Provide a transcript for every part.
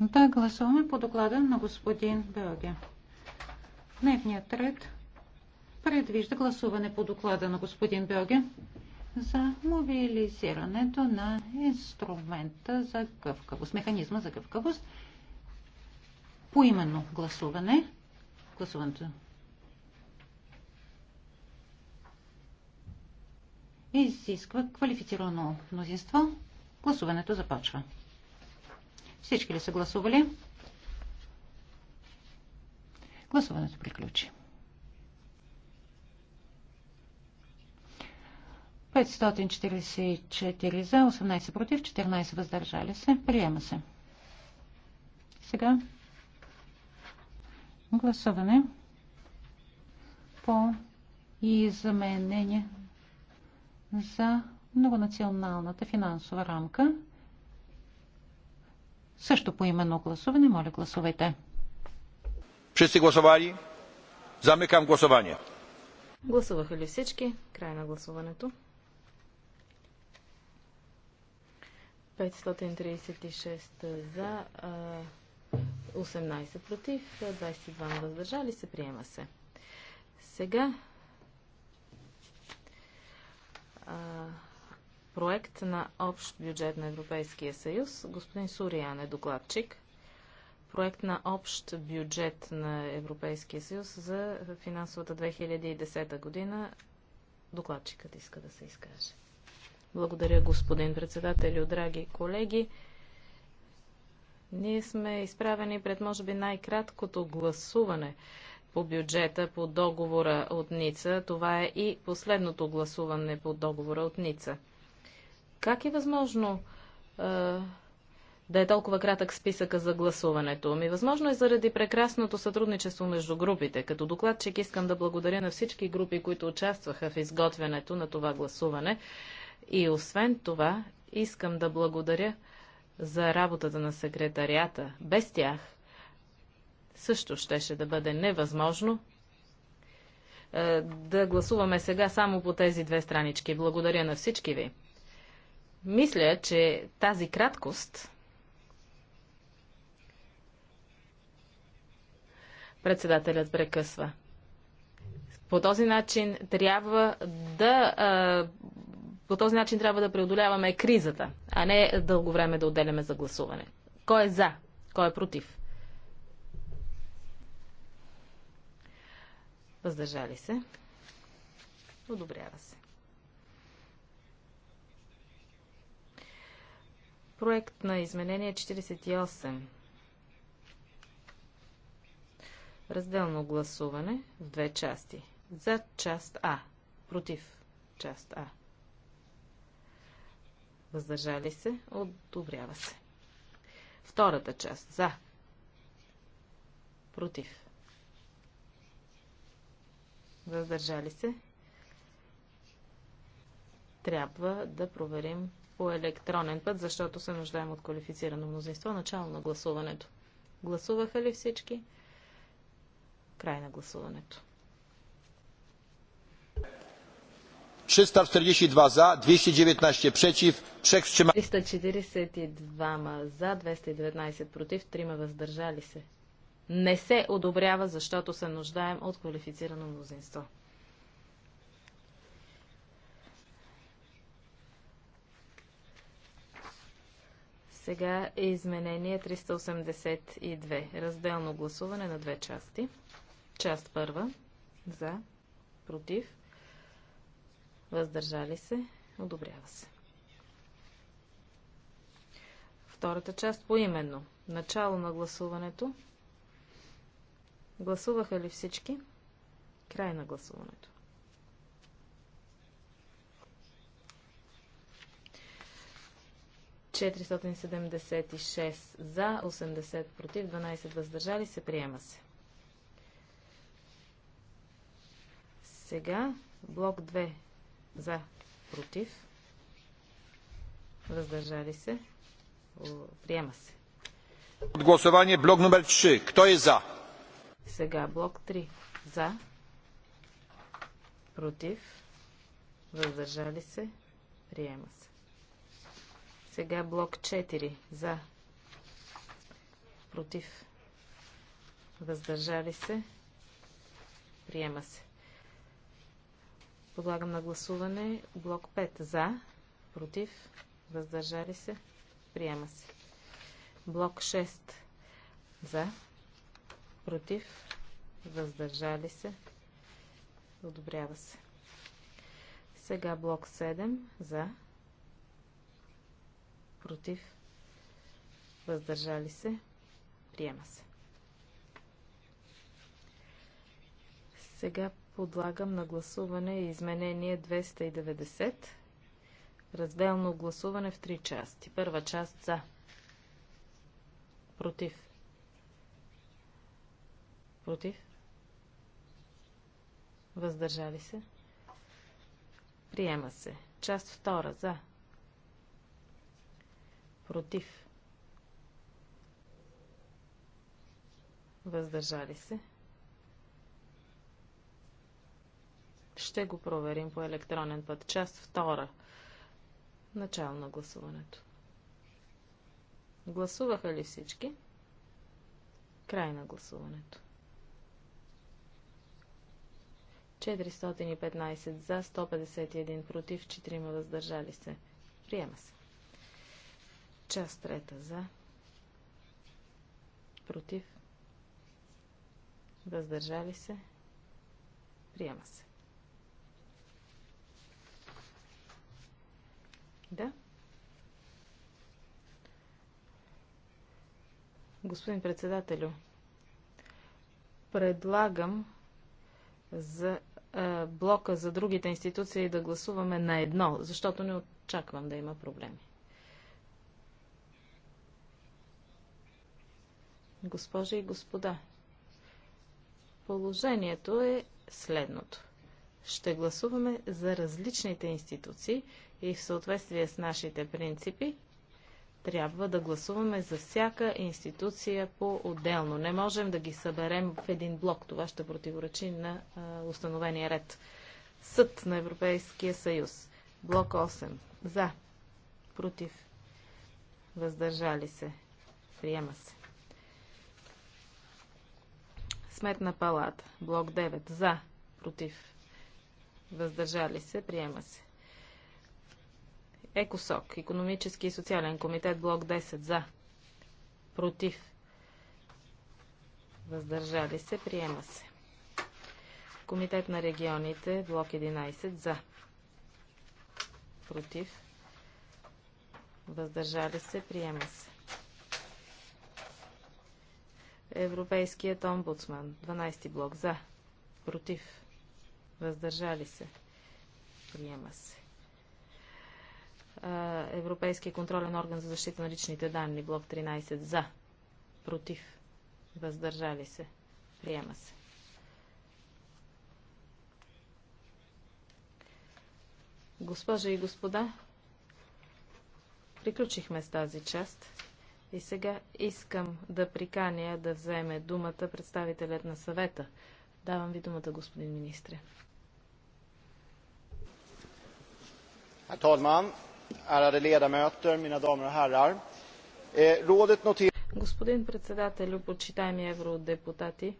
да гласуваме по доклада на господин Белге. Дневният ред предвижда гласуване по доклада на господин Белге за мобилизирането на инструмента за гъвкавост, механизма за гъвкавост, поименно гласуване. Гласуването изисква квалифицирано мнозинство. Гласуването започва. Всички ли са гласували? Гласуването приключи. 544 за, 18 против, 14 въздържали се. Приема се. Сега гласуване по изменение за многонационалната финансова рамка. Също по именно гласуване. Моля, гласувайте. Всички гласували? Замикам гласуване. Гласуваха ли всички? Край на гласуването. 536 за, 18 против, 22 въздържали се, приема се. Сега проект на общ бюджет на Европейския съюз. Господин Суриан е докладчик. Проект на общ бюджет на Европейския съюз за финансовата 2010 година. Докладчикът иска да се изкаже. Благодаря, господин председател, драги колеги. Ние сме изправени пред, може би, най-краткото гласуване по бюджета по договора от Ница. Това е и последното гласуване по договора от Ница. Как е възможно да е толкова кратък списъка за гласуването? Ми възможно е заради прекрасното сътрудничество между групите. Като докладчик искам да благодаря на всички групи, които участваха в изготвянето на това гласуване. И освен това, искам да благодаря за работата на секретарията. Без тях също щеше да бъде невъзможно да гласуваме сега само по тези две странички. Благодаря на всички ви. Мисля, че тази краткост председателят прекъсва. По този начин трябва да по този начин трябва да преодоляваме кризата, а не дълго време да отделяме за гласуване. Кой е за? Кой е против? Въздържали се. Одобрява се. проект на изменение 48. Разделно гласуване в две части. За част А. Против част А. Въздържали се. Одобрява се. Втората част. За. Против. Въздържали се. Трябва да проверим по електронен път, защото се нуждаем от квалифицирано мнозинство. Начало на гласуването. Гласуваха ли всички? Край на гласуването. 342 за, 219 против, 3 342 за, 219 против, 3 въздържали се. Не се одобрява, защото се нуждаем от квалифицирано мнозинство. Сега е изменение 382. Разделно гласуване на две части. Част първа. За. Против. Въздържали се. Одобрява се. Втората част поименно. Начало на гласуването. Гласуваха ли всички? Край на гласуването. 476 за, 80 против, 12 въздържали се. Приема се. Сега блок 2 е за, против, въздържали се. Приема се. Гласование блок номер 3. Кто е за? Сега блок 3 за, против, въздържали се. Приема се. Сега блок 4 за против въздържали се приема се. Подлагам на гласуване блок 5 за против въздържали се приема се. Блок 6 за против въздържали се одобрява се. Сега блок 7 за против, въздържали се, приема се. Сега подлагам на гласуване изменение 290. Разделно гласуване в три части. Първа част за. Против. Против. Въздържали се. Приема се. Част втора за. Против. Въздържали се. Ще го проверим по електронен път. Част втора. Начало на гласуването. Гласуваха ли всички? Край на гласуването. 415 за, 151 против, 4 въздържали се. Приема се. Част трета за. Против. Въздържали се. Приема се. Да. Господин председателю, предлагам за блока за другите институции да гласуваме на едно, защото не очаквам да има проблеми. Госпожи и господа, положението е следното. Ще гласуваме за различните институции и в съответствие с нашите принципи трябва да гласуваме за всяка институция по-отделно. Не можем да ги съберем в един блок. Това ще противоречи на а, установения ред. Съд на Европейския съюз. Блок 8. За. Против. Въздържали се. Приема се. Сметна палата. Блок 9. За. Против. Въздържали се. Приема се. ЕКОСОК. Економически и социален комитет. Блок 10. За. Против. Въздържали се. Приема се. Комитет на регионите. Блок 11. За. Против. Въздържали се. Приема се. Европейският омбудсман. 12 блок. За. Против. Въздържали се. Приема се. Европейския контролен орган за защита на личните данни. Блок 13. За. Против. Въздържали се. Приема се. Госпожа и господа, приключихме с тази част. И сега искам да приканя да вземе думата представителят на съвета. Давам ви думата, господин министре. Herr talman, ärade ledamöter, mina damer eh, Господин председател, почитаеми евродепутати,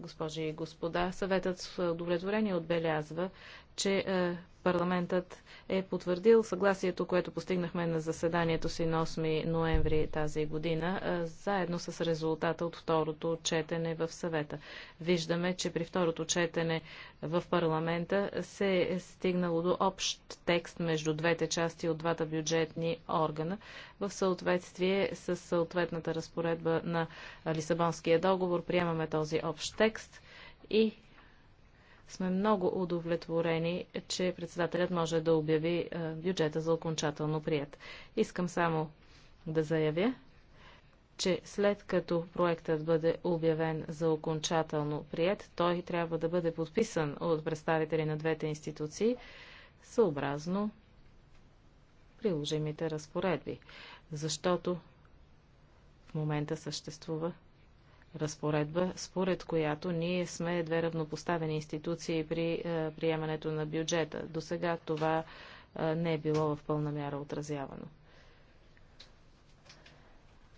госпожи и господа, съветът с удовлетворение отбелязва, че е, парламентът е потвърдил съгласието, което постигнахме на заседанието си на 8 ноември тази година, е, заедно с резултата от второто четене в съвета. Виждаме, че при второто четене в парламента се е стигнало до общ текст между двете части от двата бюджетни органа в съответствие с съответната разпоредба на Лисабонския договор. Приемаме този общ текст и сме много удовлетворени, че председателят може да обяви е, бюджета за окончателно прият. Искам само да заявя, че след като проектът бъде обявен за окончателно прият, той трябва да бъде подписан от представители на двете институции съобразно приложимите разпоредби, защото в момента съществува разпоредба, според която ние сме две равнопоставени институции при е, приемането на бюджета. До сега това е, не е било в пълна мяра отразявано.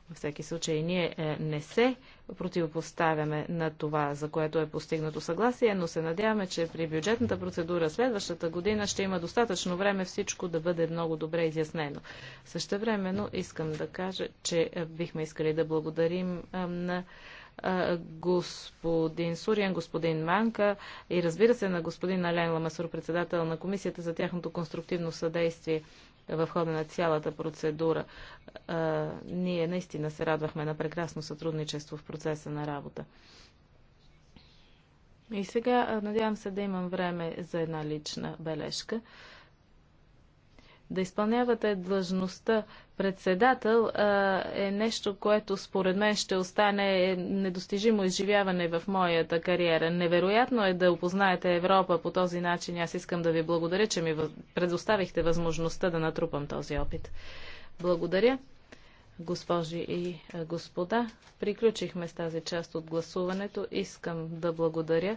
Във всеки случай, ние е, не се противопоставяме на това, за което е постигнато съгласие, но се надяваме, че при бюджетната процедура следващата година ще има достатъчно време всичко да бъде много добре изяснено. Същевременно искам да кажа, че е, бихме искали да благодарим е, на господин Сурян, господин Манка и разбира се на господин Ален Ламасур, председател на комисията за тяхното конструктивно съдействие в хода на цялата процедура. Ние наистина се радвахме на прекрасно сътрудничество в процеса на работа. И сега надявам се да имам време за една лична бележка да изпълнявате длъжността председател е нещо, което според мен ще остане недостижимо изживяване в моята кариера. Невероятно е да опознаете Европа по този начин. Аз искам да ви благодаря, че ми предоставихте възможността да натрупам този опит. Благодаря. Госпожи и господа, приключихме с тази част от гласуването. Искам да благодаря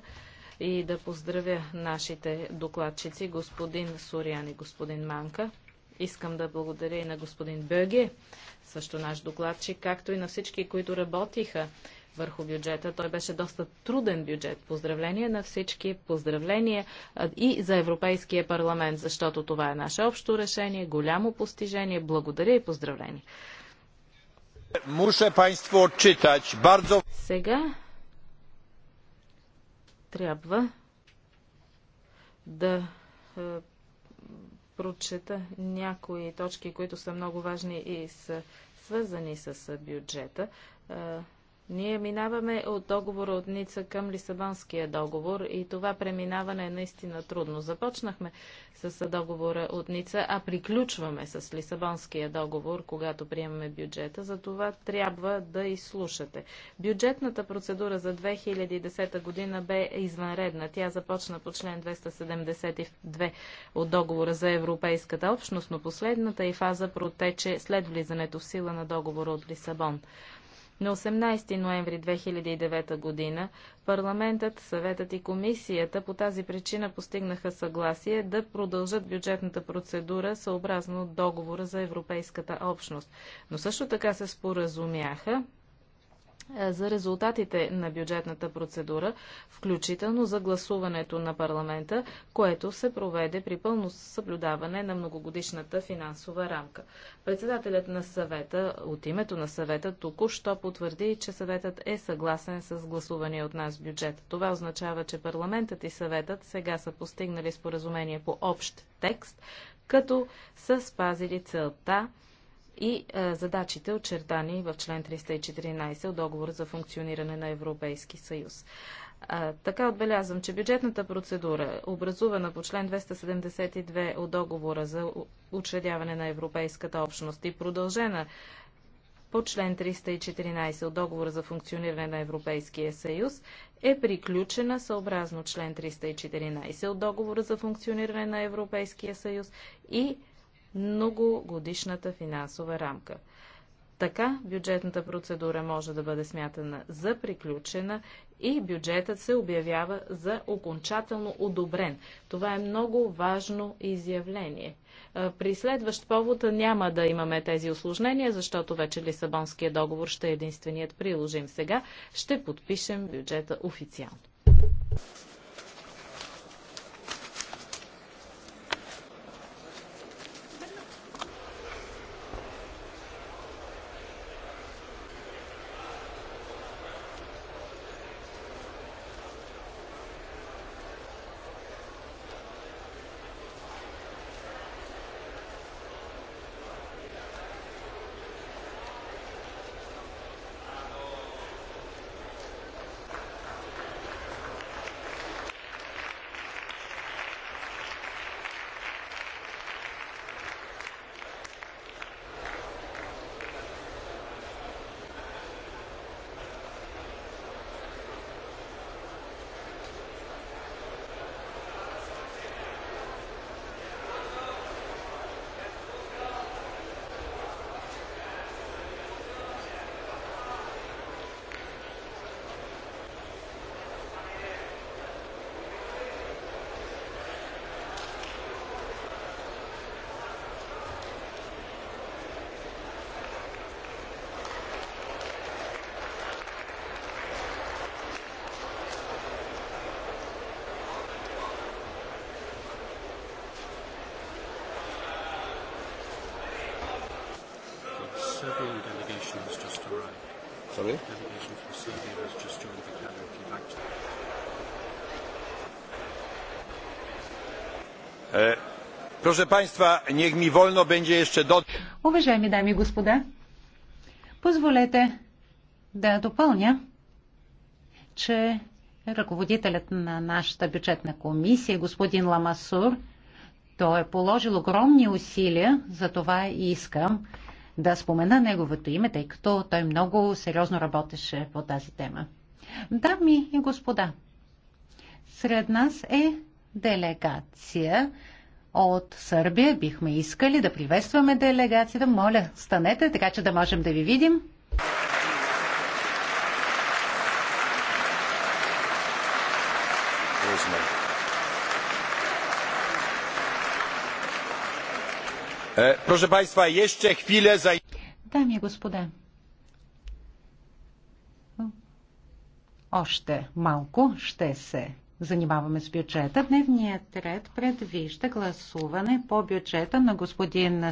и да поздравя нашите докладчици, господин Сориан и господин Манка. Искам да благодаря и на господин Бъге, също наш докладчик, както и на всички, които работиха върху бюджета. Той беше доста труден бюджет. Поздравление на всички, поздравление и за Европейския парламент, защото това е наше общо решение, голямо постижение. Благодаря и поздравление. Сега трябва да е, прочета някои точки, които са много важни и са свързани с е, бюджета. Е, ние минаваме от договора от Ница към Лисабонския договор и това преминаване е наистина трудно. Започнахме с договора от Ница, а приключваме с Лисабонския договор, когато приемаме бюджета. За това трябва да изслушате. Бюджетната процедура за 2010 година бе извънредна. Тя започна по член 272 от договора за Европейската общност, но последната и фаза протече след влизането в сила на договора от Лисабон. На 18 ноември 2009 година парламентът, съветът и комисията по тази причина постигнаха съгласие да продължат бюджетната процедура съобразно договора за Европейската общност. Но също така се споразумяха е, за резултатите на бюджетната процедура, включително за гласуването на парламента, което се проведе при пълно съблюдаване на многогодишната финансова рамка. Председателят на съвета от името на съвета току-що потвърди, че съветът е съгласен с гласувания от нас бюджет. Това означава, че парламентът и съветът сега са постигнали споразумение по общ текст, като са спазили целта и е, задачите, очертани в член 314 от договора за функциониране на Европейски съюз. А, е, така отбелязвам, че бюджетната процедура, образувана по член 272 от договора за учредяване на Европейската общност и продължена по член 314 от договора за функциониране на Европейския съюз, е приключена съобразно член 314 от договора за функциониране на Европейския съюз и многогодишната финансова рамка. Така бюджетната процедура може да бъде смятана за приключена и бюджетът се обявява за окончателно одобрен. Това е много важно изявление. При следващ повод няма да имаме тези осложнения, защото вече Лисабонския договор ще е единственият приложим. Сега ще подпишем бюджета официално. Proszę Państwa, niech mi wolno będzie jeszcze do... Уважаеми дами и господа, позволете да допълня, че ръководителят на нашата бюджетна комисия, господин Ламасур, той е положил огромни усилия, за това и искам да спомена неговото име, тъй като той много сериозно работеше по тази тема. Дами и господа, сред нас е делегация от Сърбия. Бихме искали да приветстваме делегацията. Моля, станете, така че да можем да ви видим. E, proszę Państwa, jeszcze chwilę za... Dami господа, още малко ще се занимаваме с бюджета. Дневният ред предвижда гласуване по бюджета на господин